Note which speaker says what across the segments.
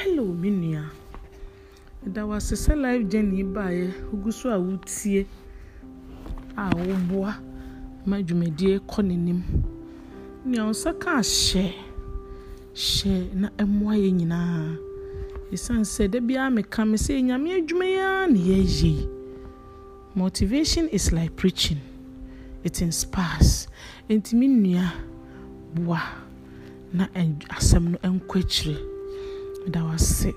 Speaker 1: hello me nua ɛda wo ase sɛ life journey baeɛ wogu so a wotie a woboa ma dwumadie kɔ n'anim nea wo ka hyɛ hyɛ na ɛmmoa yɛ nyinaa ɛsiane sɛ da biara meka me sɛ nyame adwuma yi ara na yɛayɛ yi motivation is like preaching it inspires ɛnti me nua boa na asɛm no ɛnkɔ akyire meda wase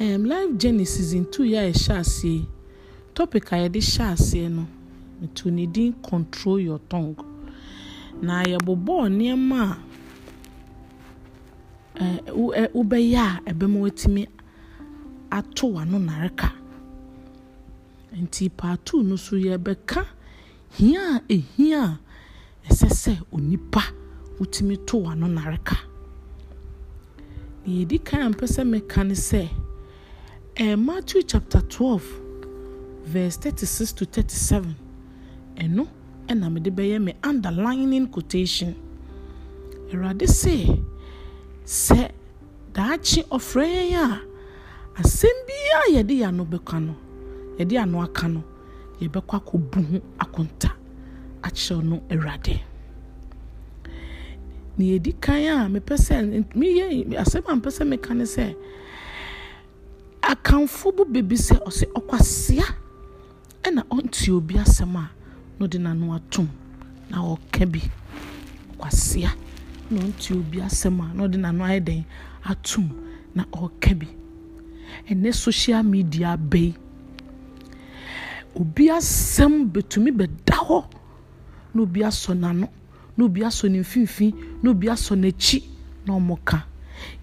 Speaker 1: um, life journey season two yɛ a ɛhyɛ aseɛ topic a yɛde hyɛ aseɛ no metu ne din control your tongue na yɛbobɔɔ nneɛma a wobɛyɛ a ɛbɛma watumi ato w'ano nareka nti paatu no so yɛbɛka hia a a ɛsɛ sɛ onipa wotumi to w'ano nareka na yɛdi kan a mpɛ sɛ meka ne sɛ eh, matthew chapter 12 verse 36 to 37 ɛno ɛna eh, mede bɛyɛ me underlining quotation awurade se sɛ daakye ɔfrɛ yɛn a asɛm biara yɛde yɛ bɛka no yɛde ano aka no yɛbɛkɔ akɔbu ho akonta akyerɛ no awurade na yɛdi kan a mepɛ sɛ meyɛ asɛm a mepɛ sɛ meka ne sɛ akamfo bo bebi sɛ ɔsɛ ɔkwasea ɛna ɔnte obi asɛm a no de n'ano atom na ɔka bi ɔkwasea na ɔnte obi asɛm a no de n'ano ayɛ den atom na ɔka bi ɛnɛ social media abɛyi obi asɛm betumi bɛda hɔ na obi asɔ n'ano. na obi asɔ ne mfimfini na obi asɔ n'akyi na wɔka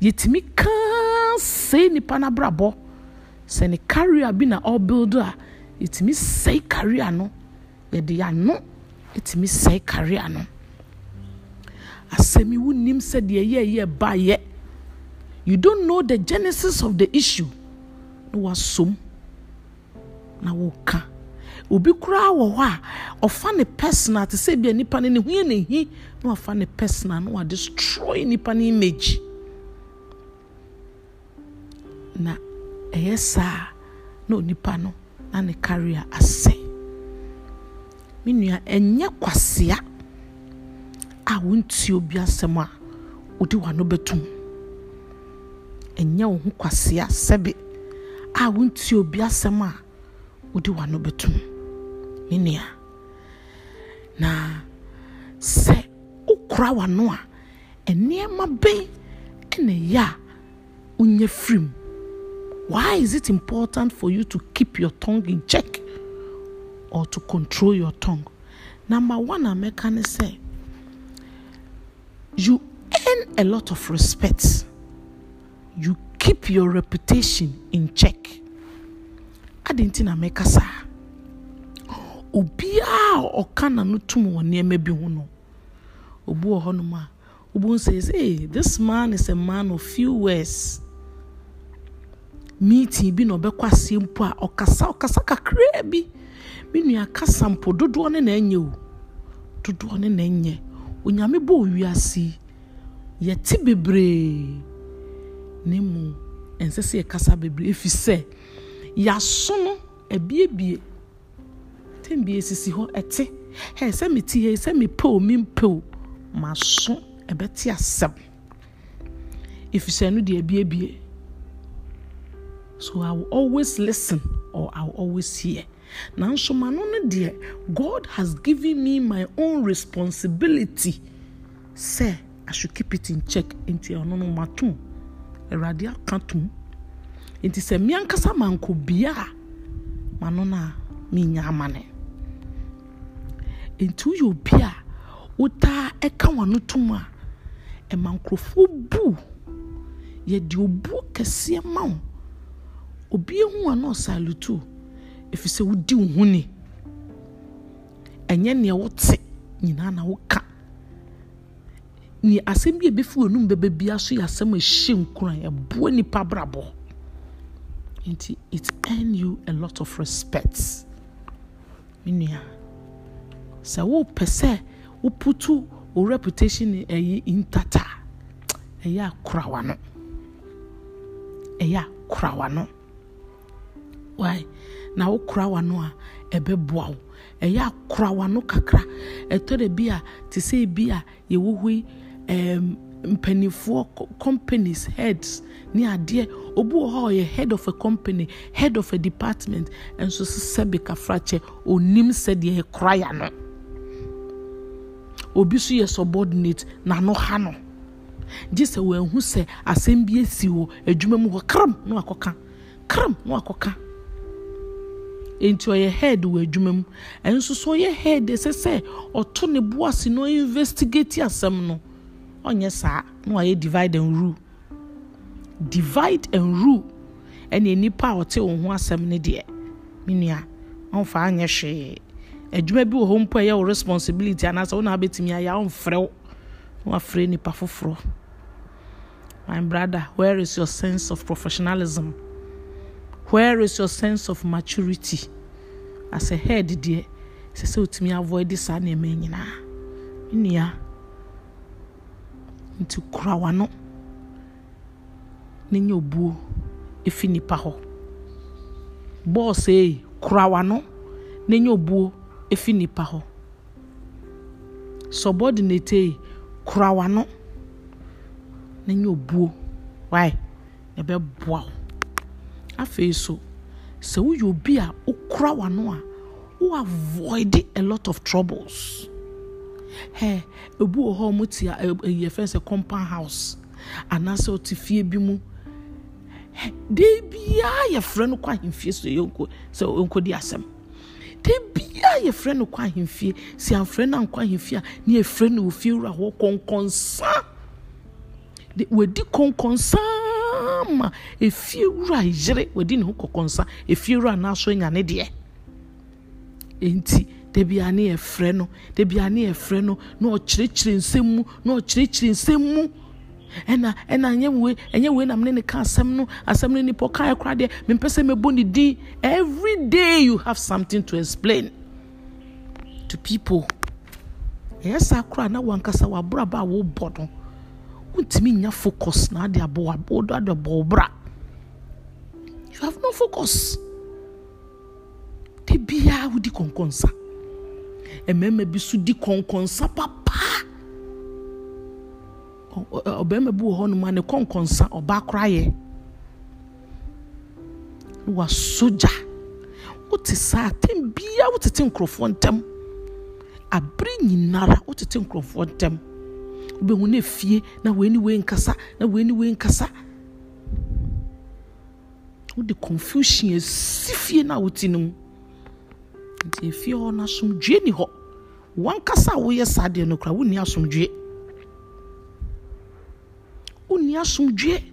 Speaker 1: yɛtumi kaa sɛe nipa n'abrabɔ sɛ ne carrier bi na ɔbuild a yɛtumi sɛe carrier no yɛde yɛano yɛtumi sɛe carrier no asɛm yi wonim sɛ deɛ yɛyɛ ba yɛ you don't know the genesis of the issue na wasɔm na wɔka obi kura wɔ hɔ a ɔfa ne personal te sɛ bia nipa no ne ho yɛ ne hi na wafa ne personal na wadestroy nipa no image na ɛyɛ saa na onipa no na ne career asɛ me nua ɛnyɛ kwasea a wontie obi asɛm a wode wano bɛtum ɛnyɛ wo ho kwasea sɛbe a wontie obi asɛm a wode wano bɛtum me na se wokora w'ano a nneɛma bɛn ene ya unye frim. why is it important for you to keep your tongue in check or to control your tongue number one ameka ne sɛ you earn a lot of respect you keep your reputation in check adɛn nti na meka saa obiara a ɔka no tum wɔ nneɛma bi ho no obi wɔ hɔnom a obi nso says hey this man is a man of few words meeting bi na ɔbɛkɔ aseɛ mpo a ɔkasa ɔkasa kakraa bi me nua kasa mpo dodoɔ ne na ɛnyɛ o dodoɔ ne na ɛnyɛ onyame bɔ owiase yɛte bebree ne mu ɛnsɛ sɛ yɛkasa bebree ɛfiri sɛ yɛaso no abiebie mpɛn bi esisi hɔ ɛte hɛ sɛ mi ti hɛ sɛ mi pew mi mpew ma so ɛbɛte asɛm efisɛ deɛ ebiebie so i will always listen or i will always hear nanso ma no no deɛ god has given me my own responsibility sɛ i should keep it in check nti ɔno no ma tum awurade aka tum nti sɛ mmea nkasa ma nkɔ bia ma no no a menya amane nti woyɛ obi a wotaa ɛka wɔn to a ɛma nkurɔfoɔ bu yɛde obu kɛseɛ ma wo obi ehu wɔn a ɔsalutu wodi wo ho ni ɛnyɛ nea wote nyinaa na woka nea asɛm bi a ebefi wɔn mu bɛbɛ bia so yɛ asɛm a nkuran ɛboa nipa brabɔ nti it earn you a lot of respect. Minia sɛ wopɛ sɛ woputu wo reputation ɛyi ntata ɛyɛ akorawa no ɛyɛ akorawa no wai na wo korawa no a ɛbɛboa wo ɛyɛ akorawa no kakra ɛtɔ da bi a te sɛ bi a yɛwɔ hɔ yi companies heads ne adeɛ obi wɔ hɔ a ɔyɛ head of a company head of a department nso sɛ sɛbika frakyɛ onim sɛdeɛ ɛkora ya no. obi nso yɛ subordinate n'ano ha no gye sɛ wɔn ho sɛ asɛm bi esi wɔ adwuma mu hɔ kram na wakɔka kram na wakɔka nti ɔyɛ head wɔ adwuma mu nso so ɔyɛ head ɛsɛ sɛ ɔto ne bo ase na ɔinvestigate asɛm no ɔnyɛ saa na ɔyɛ divide and rule divide and rule ɛna nipa a ɔte wɔn ho asɛm no deɛ menua ɔmfa anyɛ hwee. adwuma bi wɔ hɔ mpo ɛyɛ wo responsibility anaasɛ wo na wabɛtumi ayɛ womfrɛ wo na wafrɛ nnipa foforɔ my brother where is your sense of professionalism where is your sense of maturity as a head deɛ sɛ sɛ wotumi avoid saa nneɛma nyinaa nnua nti kura w'ano ne nyɛ obuo ɛfi nnipa hɔ bɔɔs ei kura w'ano ne nyɛ obuo ɛfi nipa hɔ subordinate yi kura w'ano na nyɛ obuo Why? na ɛbɛboa wo afei so sɛ woyɛ obi a wokura w'ano a wo avoid a lot of troubles Hey, ebu wɔ hɔ a wɔn ti a ɛyɛ fɛn sɛ compound house anaasɛ ɔte fie bi mu hɛ dee biara yɛfrɛ no kɔ ahemfie so yɛ nko sɛ nko di asɛm da biara yɛfrɛ no kɔ ahemfie si amfrɛ no ankɔ ahemfie a ne yɛfrɛ no wɔ fie wura hɔ kɔnkɔnsa wɔdi kɔnkɔnsa ma efie wura yere wɔdi ne ho kɔkɔnsa efie wura n'aso nya ne deɛ nti debi ani yɛfrɛ no debi ani yɛfrɛ no na ɔkyerɛkyerɛ nsɛm mu na ɔkyerɛkyerɛ nsɛm mu ɛna ɛna ɛnyɛ wei ɛnyɛ wei nam ne ne ka asɛm no asɛm no nipa ɔka ɛkora deɛ mempɛ sɛ ne din every day you have something to explain to people ɛyɛ saa koraa na wankasa wabraba a wobɔ no wontumi nya focus na ade abɔ wodo ade bɔ wo you have no focus de biara wodi kɔnkɔnsa mmarima bi so di kɔnkɔnsa papa ɔbɛrima bi wɔ hɔnom a ne kɔnkɔnsa ɔbaa korayɛ wa sogya wote saa atɛm biara wotete nkurɔfoɔ ntɛm abere nyinara wotete nkurɔfoɔ ntɛm wobɛhu no efie na wei ne wei nkasa na wei ne wei nkasa wode confusion asi fie no a wote no mu nti efie hɔ no asomdwe ni hɔ wankasa a woyɛ saa deɛ no kora wonni asomdwe ni asomdwe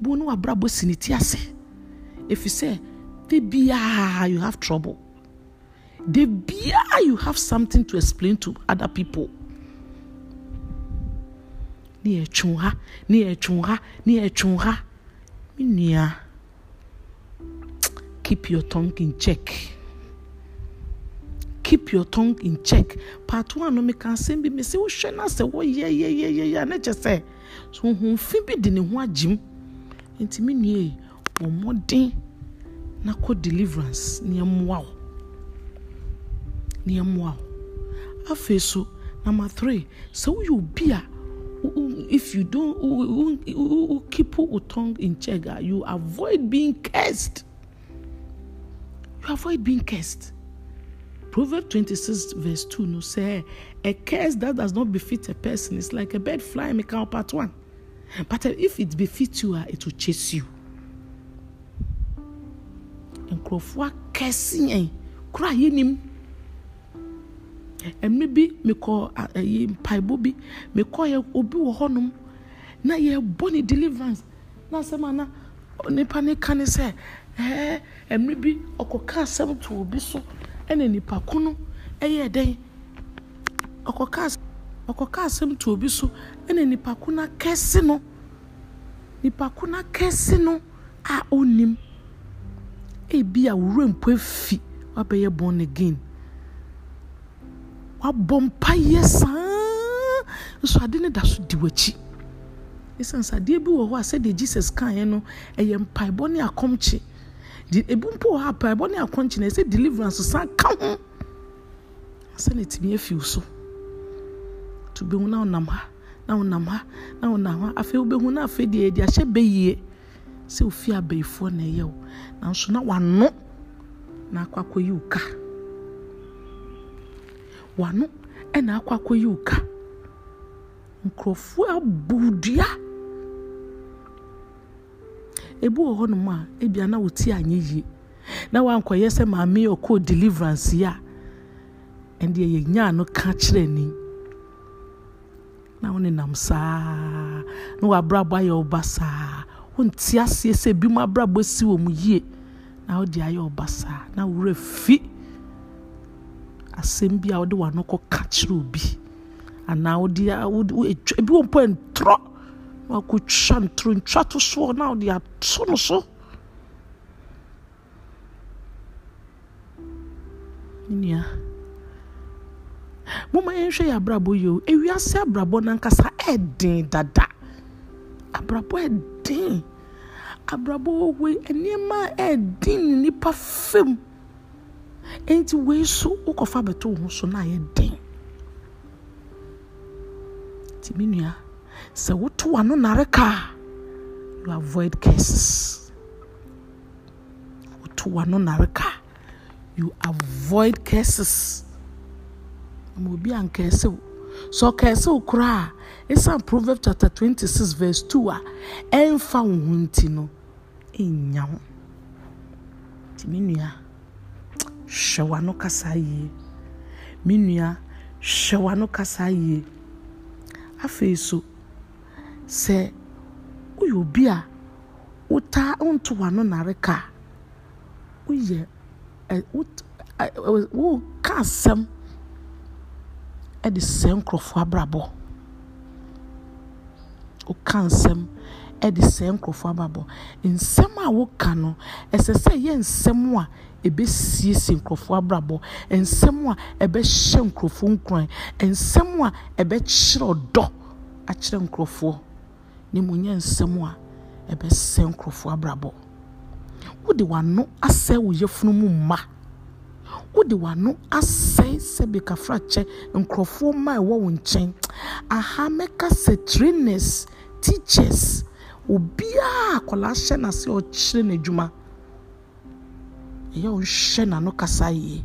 Speaker 1: bu ne wabrabɔ si ne ti ase ɛfiri sɛ da biara you have trouble da biara you have something to explain to other people ne yɛtwe ha ne yɛtwe ha ne yɛtwe ha me nua keep your tongue in check keep your tongue in check part one no meka asɛm bi me sɛ wohwɛ no sɛ wɔyɛyɛyɛyɛ a ne kyɛ sɛ so hohomfi bi de ne ho agyem nti me nua yi bɔ mmɔden deliverance na ɛmmoa wo na ɛmmoa wo afei so number three sɛ woyɛ obi a if you don't keep your tongue in check you avoid being cursed you avoid being cursed. Proverbs 26, verse 2 no say, A curse that does not befit a person is like a bird flying a cow part one. But if it befits you, ah, it will chase you. nkurɔfoɔ akɛse yɛn kora a yɛnim ɛmɛ bi mekɔ ɛyi mpaebɔ bi mekɔ yɛ obi wɔ hɔnom na yɛbɔ ne deliverance na asɛm ana nipa ne ka ne sɛ ɛɛ ɛmɛ bi ɔkɔ ka to obi so ɛna nipa ko no ɛyɛ dɛn ɔkɔka asɛm ɔkɔka asɛm to obi so ɛna nipa ko no akɛse no nipa ko no akɛse no a onim ebi a wura mpo efi wabɛyɛ born again wabɔ mpa yɛ saa nso ade ne da so di w'akyi esan sadeɛ bi wɔ hɔ a sɛdeɛ jesus kan yɛ no ɛyɛ mpaebɔ ne akɔmkye. ebi mpo wɔ ha pa ɛbɔ ne akɔnkye na ɛsɛ deliverance san ka ho asɛ na ɛtumi afiw so to bɛhu na ɔnam ha na ɔnam ha na ɔnam ha afei wobɛhu na afei deɛ yɛde ahyɛ bɛyie sɛ ofi abɛyifoɔ na ɛyɛ wo nanso na wano na akɔ akɔyi wo wano ɛna akɔ akɔyi wo nkurɔfoɔ abu dua Ebu wɔ hɔnom a ebi ana wɔti anyɛ yie na wankɔyɛ sɛ maame yɛ ɔkɔɔ deliverance yi a ɛnde yɛ nyaa no ka kyerɛ ni na wɔn nenam saa na wɔabrabɔ ayɛ ɔba saa wɔnti aseɛ sɛ ebi mu abrabɔ si wɔn yie na wɔde ayɛ ɔba saa na wɔwura fi asɛm bi a wɔde wɔn ano kɔ ka kyerɛ obi anaa wɔde ebi wɔn mpɔ ntorɔ wakɔtwa ntorɔntwa to soɔ na wɔde ato no so nua moma yɛnhwɛ yɛ abrabɔ yi o ewiase abrabɔ nankasa ɛɛden dada abrabɔ ɛɛden abrabɔ wei nneɛma ɛɛden ne nipa fam nti wei so wokɔfa bɛto wo ho so na ayɛ den nti me nua sɛ woto ano nareka you avoid cases. woto ano nareka you avoid cases. ma obi ankɛse wo sɛ ɔkɛse wo koraa a ɛsiane proverb chapter twenty six verse two a ɛmfa wo ho nti no ɛnnya ho nti me nua hwɛ w'ano kasa yie me nua hwɛ w'ano kasa yie afei so. sɛ woyɛ obi a wotaa wonto w'ano nare ka woyɛ woka asɛm de sɛ nkurɔfoɔ abrabɔ woka nsɛm de sɛ nkurɔfoɔ abrabɔ nsɛm a woka no ɛsɛ sɛ ɛyɛ nsɛm a ɛbɛsiesie nkurɔfoɔ abrabɔ nsɛm a ɛbɛhyɛ nkurɔfoɔ nkuran nsɛm a ɛbɛkyerɛ ɔdɔ akyerɛ nkurɔfoɔ na mu nyɛ nsɛm a ɛbɛsɛ nkurɔfoɔ abrabɔ wode w'ano asɛe wo yafunu mu mma wode w'ano asɛe sɛ bikafrakyɛ nkurɔfoɔ mma ɛwɔ wo nkyɛn aha mɛka sɛ trainers teachers obiara akwadaa hyɛ n'ase ɔkyerɛ n'adwuma ɛyɛ ɔnhyɛ n'ano kasa yie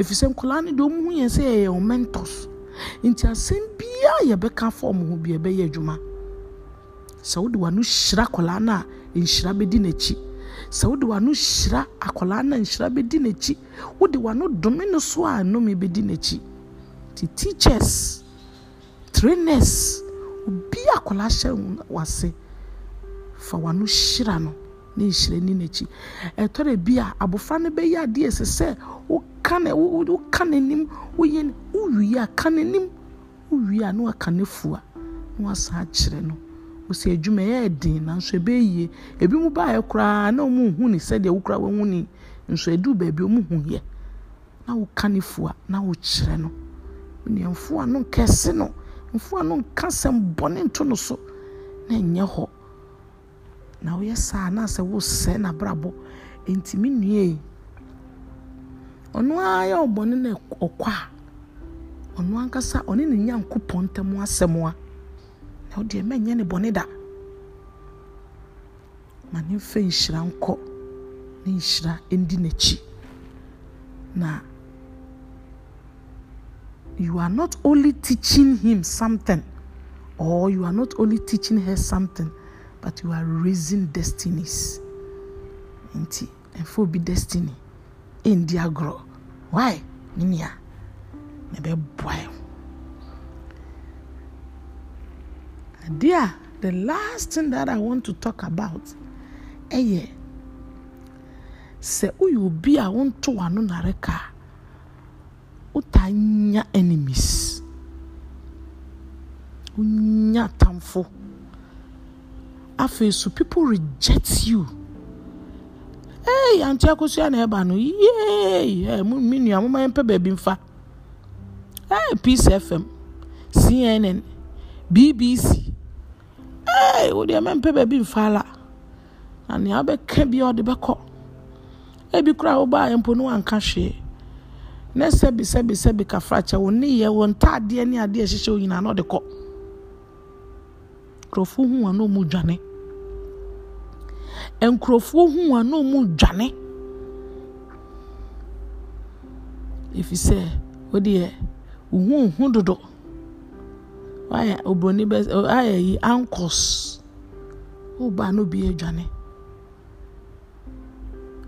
Speaker 1: efisɛ nkwadaa no deɛ ɔmo ho yɛn sɛ yɛyɛ ɔmo mentors nti asɛm biara yɛbɛka fɔm ho bi yɛbɛyɛ adwuma sɛ wode w'ano hyira akwadaa no a nhyira bɛdi n'akyi sɛ wode w'ano hyira akwadaa no a nhyira bɛdi n'akyi wode w'ano dome no so a nnome bɛdi n'akyi nti teachers trainers obi akwadaa hyɛ wase fa w'ano hyira no ne nhyira ni n'akyi ɛtɔre bi bia abofra no bɛyɛ adeɛ sɛ sɛ woka na woka n'anim woyɛ wowie a ka n'anim wowie a na waka n'afua na wasan akyerɛ no. wosi adwuma yɛ den nanso ebe yie ebi mu baayɛ koraa na ɔmo nhu ne sɛdeɛ wokura wɔn ne nso edu baabi ɔmo hu yɛ na woka ne fua na wokyerɛ no nea mfua no nkɛse no mfua no nka sɛm bɔne nto no so na nyɛ hɔ na woyɛ saa na sɛ na abrabɔ ntumi nue ɔno ara yɛ ɔbɔne na ɔkɔ a ɔno ankasa ɔne ne nyankopɔn ntɛm asɛm a. ɔdeɛ mɛnyɛ ne bɔne da ma ne mfa nhyira nkɔ ne nhyira ndi n'akyi na you are not only teaching him something or you are not only teaching her something but you are raising destinies nti ɛfo bi destiny ɛndi agorɔ why minia na ɛbɛboa ɛho. there the last thing that i want to talk about ɛyɛ sɛ woyɛ obi a wonto w'ano nareka wota nya enemies wonya tamfo afei so people reject you ee hey, ante akosua na ɛba no yee ɛ nua mo ma baabi nfa hey, peace fm cnn bbc wo deɛ mɛmpɛ baabi mfa la na nea wobɛka bia ɔde bɛkɔ ebi koraa wobaa yɛ mpo ne wanka hwee na sɛbi sɛbi sɛbi kafrakyɛ wo nneyɛ wo ntaadeɛ ne adeɛ ɛhyehyɛ wo nyinaa na ɔde kɔ nkurɔfoɔ hu a na ɔmu dwane nkurɔfoɔ hu a na ɔmu dwane ɛfiri sɛ wodeɛ wohu hu dodo wayɛ obroni bɛ ayɛ yi ankɔs ɔba no bi adwane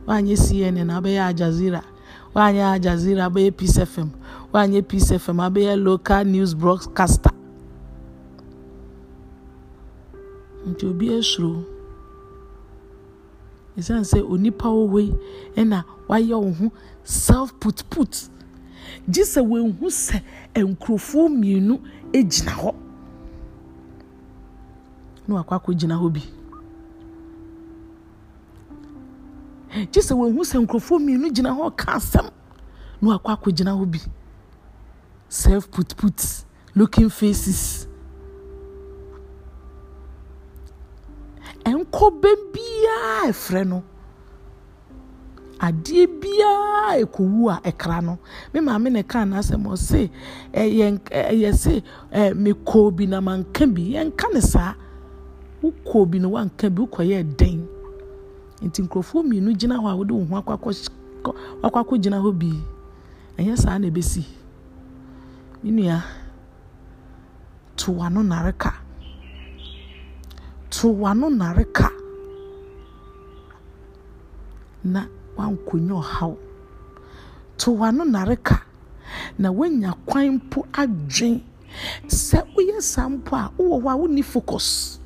Speaker 1: wanyɛ cnn abɛyɛ aljazira wanyɛ aljazira abɛyɛ peace fm wanyɛ peace fm abɛyɛ local news broadcaster nti obi asuro ɛsiane sɛ onipa wɔwɔ yi ɛna wayɛ wo ho self put put. gye sɛ wɔnhu sɛ nkurɔfoɔ mmienu gyina hɔ na wakɔ akɔgyina hɔ bi gye sɛ wɔnhu sɛ nkurɔfoɔ mmienu gyina hɔ ka asɛm na wakɔ akɔgyina hɔ bi self put put looking faces nkɔ bɛn biara ɛfrɛ no adeɛ biara ekowu a ɛkra no me maame na ɛka n'asɛm ɔse ɛyɛ ɛyɛ se ɛɛ mekoo bi na manka bi yɛnka ne saa wokoo bi na wanka bi wokɔyɛ den nti nkurɔfoɔ mmienu gyina hɔ a wɔde wɔn ho akɔ akɔ wakɔ akɔ gyina hɔ bi ɛnyɛ saa na ebesi me nua to wano nareka to wano nareka na. wa woankonya ɔhaw to w'ano nareka na w'anya kwan mpo adwen sɛ woyɛ saa mpo a wowɔ hɔ a wonni focus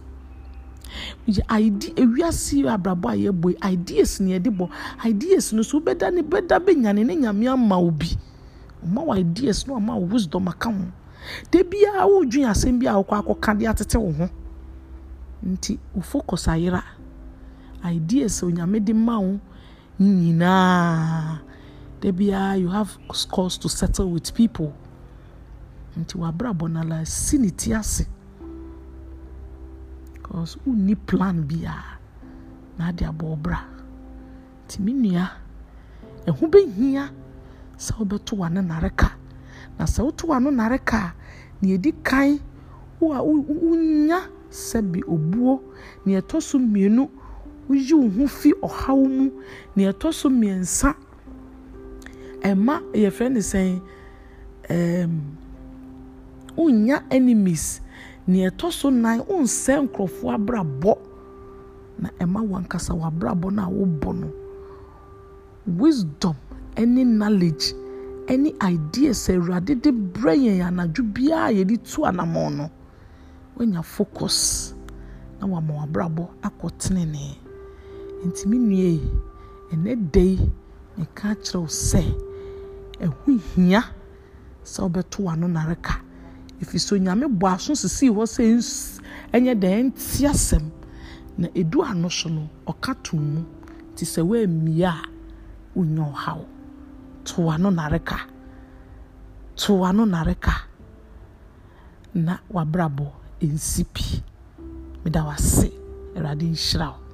Speaker 1: ide ewiase abrabɔ a yɛbɔ ideas na yɛde bɔ ideas no so wobɛda ne bɛda bɛnyane ne nyame ama wo bi ɔma wo ideas no ɔma wo wisdom aka ho da biara wodwen asɛm bi a wokɔ akɔka de atete wo ho nti wo focus ayera ideas onyame de ma wo nyinaa da biara you have scores to settle with people nti wabrabɔ nala si ne ti ase cause ni plan bịa na ade abɔ ɔbra nti me nua ɛho bɛhia sɛ wobɛto w'ano nareka na sɛ woto w'ano nareka a nea ɛdi kan wonya sɛbi obuo na ɛtɔ so mmienu woyi wo ho fi ɔhaw mu nea ɛtɔ so mmiɛnsa ɛma yɛfrɛ no sɛn ɛɛm wonya enemies nea ɛtɔ so nan wonsɛ nkurɔfoɔ abrabɔ na ɛma wankasa wabrabɔ no a wobɔ no wisdom ɛne knowledge ɛne ideas awurade de brɛ yɛn anadwo biara yɛde tu anammɔn no wanya focus na wama wabrabɔ akɔ tenenee nti me nua yi ɛnɛ da yi meka akyerɛ wo sɛ ɛho hia sɛ wobɛto w'ano nareka ɛfiri sɛ onyame bɔ aso sisii hɔ sɛ ɛnyɛ dɛ ɛnti asɛm na ɛdu ano so no ɔka to mu nti sɛ woammia a wonya ɔhaw to w'ano nareka to w'ano nareka na wabrabɔ ɛnsi pi meda wase awurade nhyira wo